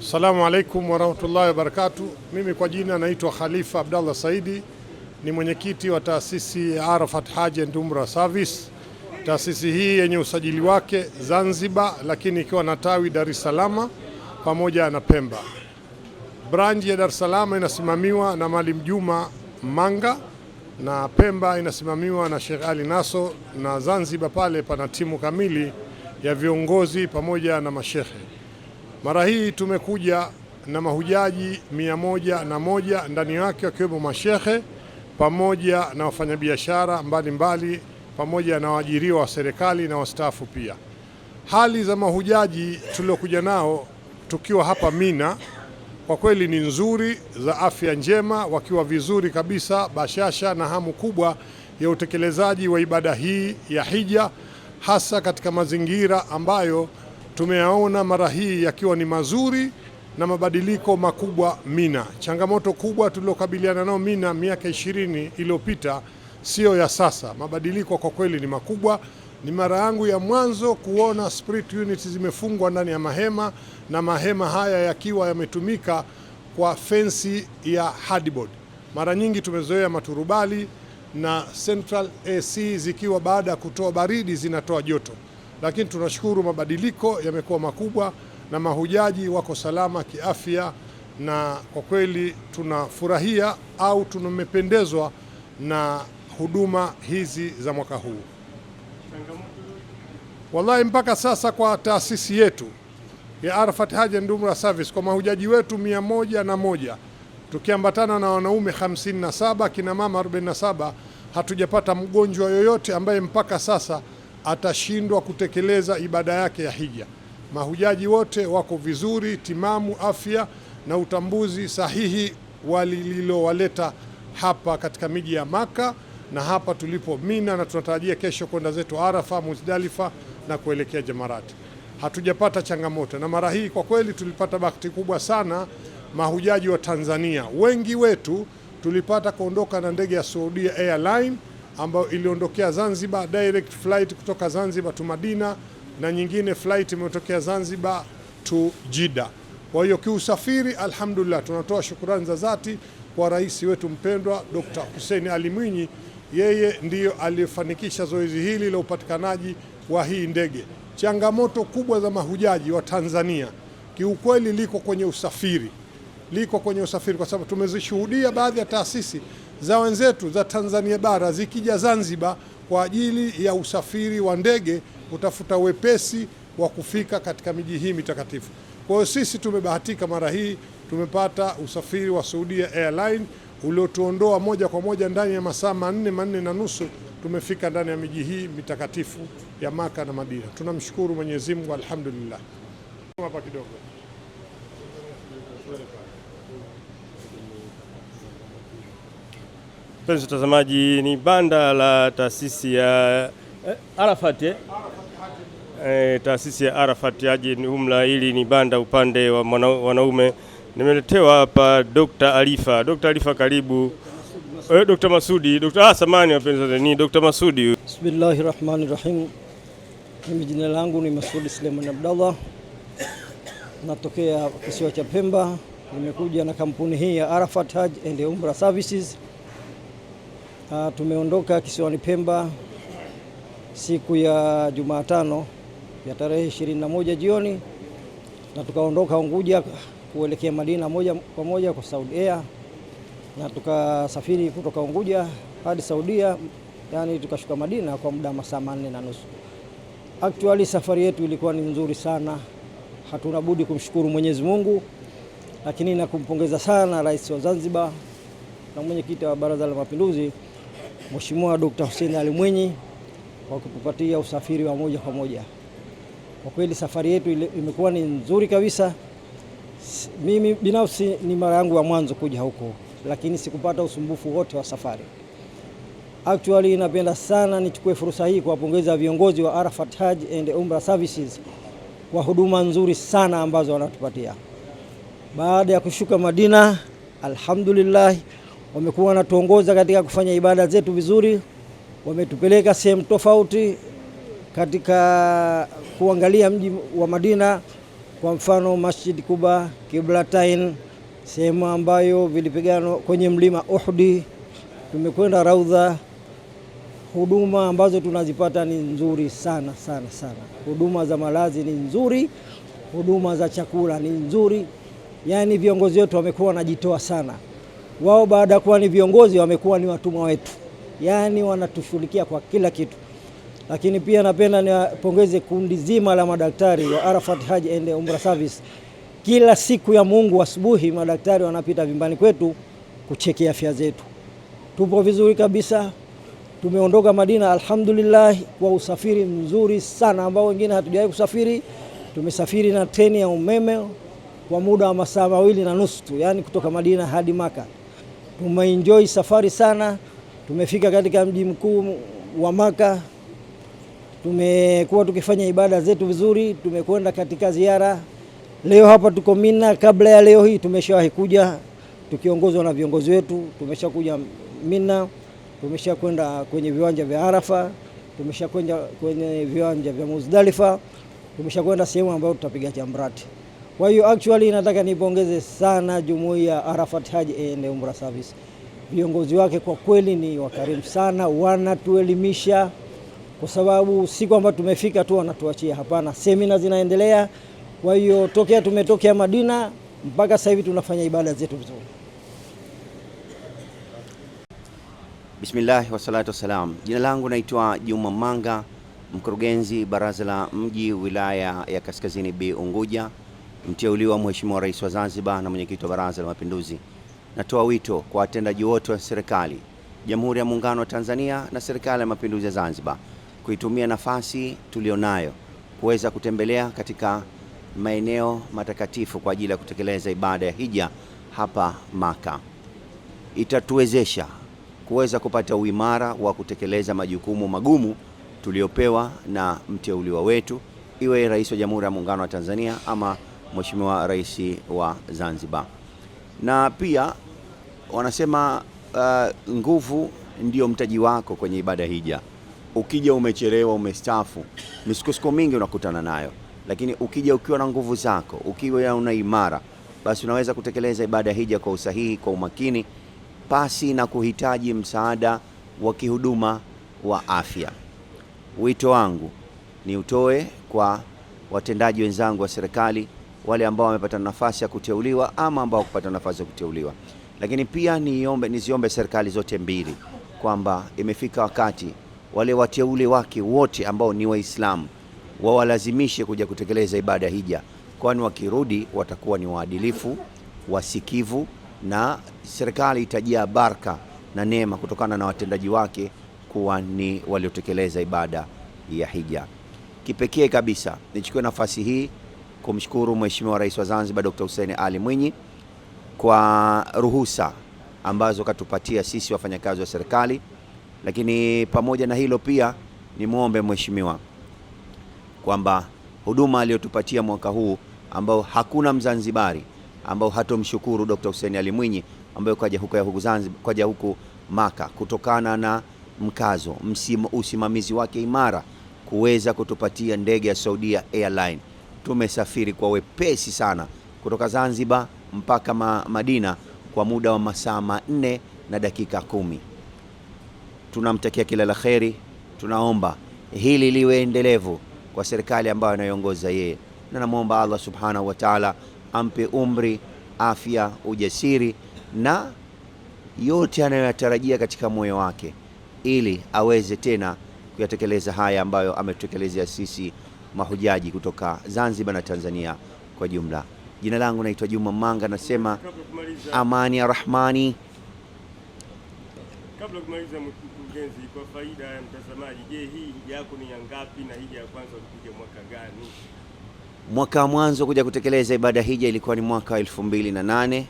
Assalamu alaikum warahmatullahi barakatu Mimi kwa jina naitwa Khalifa Abdallah Saidi, ni mwenyekiti wa taasisi ya Arafat Haji and Umra Service. Taasisi hii yenye usajili wake Zanzibar, lakini ikiwa na tawi Dar es Salaam pamoja na Pemba. Branch ya Dar es Salaam inasimamiwa na Maalim Juma Manga na Pemba inasimamiwa na Sheikh Ali Naso, na Zanzibar pale pana timu kamili ya viongozi pamoja na mashehe. Mara hii tumekuja na mahujaji mia moja na moja ndani yake wakiwemo mashehe pamoja na wafanyabiashara mbalimbali pamoja na waajiriwa wa serikali na wastaafu pia. Hali za mahujaji tuliokuja nao tukiwa hapa Mina kwa kweli ni nzuri, za afya njema, wakiwa vizuri kabisa, bashasha na hamu kubwa ya utekelezaji wa ibada hii ya hija, hasa katika mazingira ambayo tumeyaona mara hii yakiwa ni mazuri na mabadiliko makubwa Mina. Changamoto kubwa tulilokabiliana nao Mina miaka ishirini iliyopita siyo ya sasa. Mabadiliko kwa kweli ni makubwa. Ni mara yangu ya mwanzo kuona split zimefungwa ndani ya mahema na mahema haya yakiwa yametumika kwa fensi ya hardboard. Mara nyingi tumezoea maturubali na central AC zikiwa baada ya kutoa baridi zinatoa joto lakini tunashukuru mabadiliko yamekuwa makubwa na mahujaji wako salama kiafya, na kwa kweli tunafurahia au tumependezwa na huduma hizi za mwaka huu. Wallahi, mpaka sasa kwa taasisi yetu ya Arafat Haji and Umrah Service kwa mahujaji wetu mia moja na moja tukiambatana na wanaume 57 kina mama 47 hatujapata mgonjwa yoyote ambaye mpaka sasa atashindwa kutekeleza ibada yake ya hija. Mahujaji wote wako vizuri, timamu, afya na utambuzi sahihi walilowaleta hapa katika miji ya Maka na hapa tulipo Mina, na tunatarajia kesho kwenda zetu Arafa, Muzdalifa na kuelekea Jamarati. Hatujapata changamoto, na mara hii kwa kweli tulipata bahati kubwa sana. Mahujaji wa Tanzania wengi wetu tulipata kuondoka na ndege ya Saudia Airline ambayo iliondokea Zanzibar, direct flight kutoka Zanzibar to Madina na nyingine flight imetokea Zanzibar to Jida. Kwa hiyo kiusafiri, alhamdulillah, tunatoa shukrani za dhati kwa rais wetu mpendwa Dr. Hussein Ali Mwinyi. Yeye ndiyo aliyefanikisha zoezi hili la upatikanaji wa hii ndege. Changamoto kubwa za mahujaji wa Tanzania kiukweli liko kwenye usafiri, liko kwenye usafiri, kwa sababu tumezishuhudia baadhi ya taasisi za wenzetu za Tanzania bara zikija Zanzibar kwa ajili ya usafiri wa ndege kutafuta wepesi wa kufika katika miji hii mitakatifu. Kwa hiyo sisi tumebahatika mara hii tumepata usafiri wa Saudia Airline uliotuondoa moja kwa moja ndani ya masaa manne manne na nusu tumefika ndani ya miji hii mitakatifu ya Maka na Madina. Tunamshukuru Mwenyezi Mungu, alhamdulillah. Hapa kidogo Mpenzi mtazamaji, ni banda la taasisi ya eh, Arafat eh? eh taasisi ya Arafat Haji Umla. Hili ni banda upande wa wanaume. Nimeletewa hapa Dr. Alifa. Dr. Alifa, karibu. Eh, Dr. Masudi, Dr. ah, samani wapenzi, ni Dr. Masudi. bismillahi rahmani Rahim. Mimi jina langu ni Masudi Suleiman Abdallah, natokea kisiwa cha Pemba. Nimekuja na kampuni hii ya Arafat Hajj and Umra Services Ah, tumeondoka kisiwani Pemba siku ya Jumatano ya tarehe 21 jioni na tukaondoka Unguja kuelekea Madina moja kwa moja kwa Saudi Air na tukasafiri kutoka Unguja hadi Saudia, yani tukashuka Madina kwa muda wa masaa manne na nusu. Actually safari yetu ilikuwa ni nzuri sana, hatuna budi kumshukuru Mwenyezi Mungu, lakini na kumpongeza sana Rais wa Zanzibar na mwenyekiti wa Baraza la Mapinduzi Mheshimiwa Dr. Hussein Ali Mwinyi kwa kutupatia usafiri wa moja kwa moja. Kwa kweli safari yetu imekuwa ni nzuri kabisa. Mimi binafsi ni mara yangu ya mwanzo kuja huku, lakini sikupata usumbufu wote wa safari. Actually, napenda sana nichukue fursa hii kuwapongeza viongozi wa Arafat Hajj and Umrah Services kwa huduma nzuri sana ambazo wanatupatia. Baada ya kushuka Madina, alhamdulillah wamekuwa wanatuongoza katika kufanya ibada zetu vizuri, wametupeleka sehemu tofauti katika kuangalia mji wa Madina, kwa mfano Masjid Kuba, Kiblatain, sehemu ambayo vilipiganwa kwenye mlima Uhudi, tumekwenda Raudha. Huduma ambazo tunazipata ni nzuri sana sana sana. Huduma za malazi ni nzuri, huduma za chakula ni nzuri, yaani viongozi wetu wamekuwa wanajitoa sana wao baada ya kuwa ni viongozi wamekuwa ni watumwa wetu, yaani wanatushughulikia kwa kila kitu. Lakini pia napenda niwapongeze kundi zima la madaktari wa Arafat Haji and Umra Service. Kila siku ya Mungu asubuhi madaktari wanapita vimbani kwetu kuchekea afya zetu. Tupo vizuri kabisa, tumeondoka Madina alhamdulillah, kwa usafiri mzuri sana ambao wengine hatujawahi kusafiri. Tumesafiri na treni ya umeme kwa muda wa masaa mawili na nusu, yaani kutoka Madina hadi Maka tumeenjoy safari sana. Tumefika katika mji mkuu wa Maka, tumekuwa tukifanya ibada zetu vizuri, tumekwenda katika ziara. Leo hapa tuko Mina. Kabla ya leo hii tumeshawahi kuja tukiongozwa na viongozi wetu, tumeshakuja Mina, tumeshakwenda kwenye viwanja vya Arafa, tumeshakwenda kwenye viwanja vya Muzdalifa, tumeshakwenda sehemu ambayo tutapiga chambrati. Kwa hiyo actually nataka nipongeze sana jumuiya ya Arafat Haji and Umrah Service. Viongozi wake kwa kweli ni wakarimu sana, wanatuelimisha kwa sababu si kwamba tumefika tu wanatuachia, hapana, semina zinaendelea. Kwa hiyo tokea tumetokea Madina mpaka sasa hivi tunafanya ibada zetu vizuri. Bismillahi wassalatu wassalam. Jina langu naitwa Juma Manga, mkurugenzi baraza la mji wilaya ya Kaskazini B Unguja mteuliwa Mheshimiwa Rais wa Zanzibar na mwenyekiti wa Baraza la Mapinduzi, natoa wito kwa watendaji wote wa serikali Jamhuri ya Muungano wa Tanzania na Serikali ya Mapinduzi ya Zanzibar kuitumia nafasi tulionayo kuweza kutembelea katika maeneo matakatifu kwa ajili ya kutekeleza ibada ya hija hapa Maka. Itatuwezesha kuweza kupata uimara wa kutekeleza majukumu magumu tuliopewa na mteuliwa wetu, iwe rais wa Jamhuri ya Muungano wa Tanzania ama Mheshimiwa Rais wa Zanzibar. Na pia wanasema uh, nguvu ndio mtaji wako kwenye ibada hija. Ukija umechelewa, umestafu misukosuko mingi unakutana nayo, lakini ukija ukiwa na nguvu zako, ukiwa una imara, basi unaweza kutekeleza ibada hija kwa usahihi, kwa umakini, pasi na kuhitaji msaada wa kihuduma wa afya. Wito wangu ni utoe kwa watendaji wenzangu wa serikali wale ambao wamepata nafasi ya kuteuliwa ama ambao kupata nafasi ya kuteuliwa. Lakini pia niombe niziombe serikali zote mbili kwamba imefika wakati wale wateule wake wote ambao ni Waislamu wawalazimishe kuja kutekeleza ibada hija, kwani wakirudi watakuwa ni waadilifu, wasikivu na serikali itajia baraka na neema kutokana na watendaji wake kuwa ni waliotekeleza ibada ya hija. Kipekee kabisa nichukue nafasi hii kumshukuru Mheshimiwa Rais wa Zanzibar Dr. Hussein Ali Mwinyi kwa ruhusa ambazo katupatia sisi wafanyakazi wa serikali, lakini pamoja na hilo pia nimwombe mheshimiwa kwamba huduma aliyotupatia mwaka huu ambao hakuna Mzanzibari ambao hatomshukuru Dr. Hussein Ali Mwinyi ambaye kaja huku ya huku Zanzibar, kaja huku Maka kutokana na mkazo msimo, usimamizi wake imara kuweza kutupatia ndege ya Saudia Airline tumesafiri kwa wepesi sana kutoka Zanzibar mpaka ma Madina kwa muda wa masaa manne na dakika kumi. Tunamtakia kila la kheri, tunaomba hili liwe endelevu kwa serikali ambayo anaiongoza yeye, na namwomba Allah subhanahu wa taala ampe umri, afya, ujasiri na yote anayoyatarajia katika moyo wake, ili aweze tena kuyatekeleza haya ambayo ametutekelezea sisi mahujaji kutoka Zanzibar na Tanzania kwa jumla. Jina langu naitwa Juma Manga, nasema amani ya Rahmani. Kabla kumaliza mkurugenzi, kwa faida ya mtazamaji, je, hii hija yako ni ya ngapi na hija ya kwanza ulikuja mwaka gani? Mwaka wa mwanzo kuja kutekeleza ibada hija ilikuwa ni mwaka nane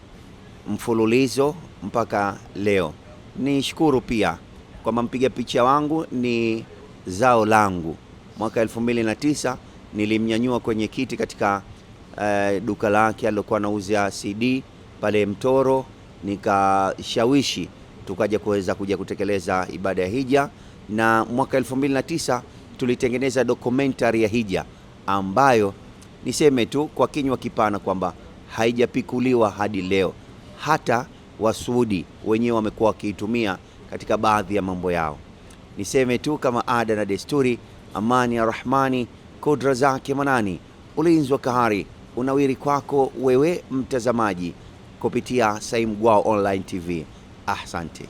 mfululizo mpaka leo. Ni shukuru pia kwamba mpiga picha wangu ni zao langu mwaka 2009 nilimnyanyua kwenye kiti katika uh, duka lake alilokuwa nauzia CD pale Mtoro, nikashawishi tukaja kuweza kuja kutekeleza ibada ya hija, na mwaka 2009 tulitengeneza dokumentari ya hija ambayo niseme tu kwa kinywa kipana kwamba haijapikuliwa hadi leo. Hata Wasuudi wenyewe wamekuwa wakiitumia katika baadhi ya mambo yao. Niseme tu kama ada na desturi amani ya Rahmani, kudra zake Manani, ulinzi wa Kahari unawiri kwako wewe mtazamaji kupitia saimu Gwao Online TV. Asante.